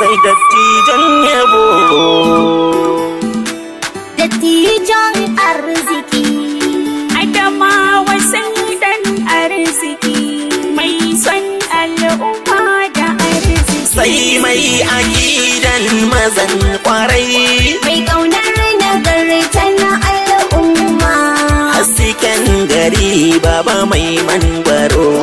sai dattijan yabo dattijan arziki adama wasan dan arziki mai son al'umma da arziki sai mai akidan mazan kwarai mai ƙaunar nagarta na al'umma hasken gari baba mai manbaro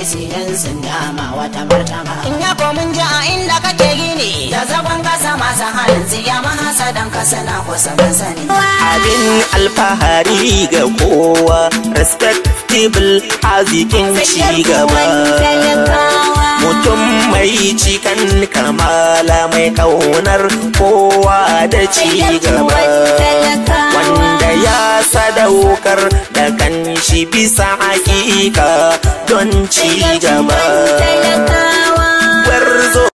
APC sun dama wata martaba. In ya komin ji a inda kake gini da zagon kasa masu halin tsiya mahasa dan kasa na kusa sani. Abin alfahari ga kowa respectable arzikin ci gaba. mutum mai cikan kamala mai kaunar kowa da ci gaba. sadaukar da kan shi bisa hakika don ci gaba.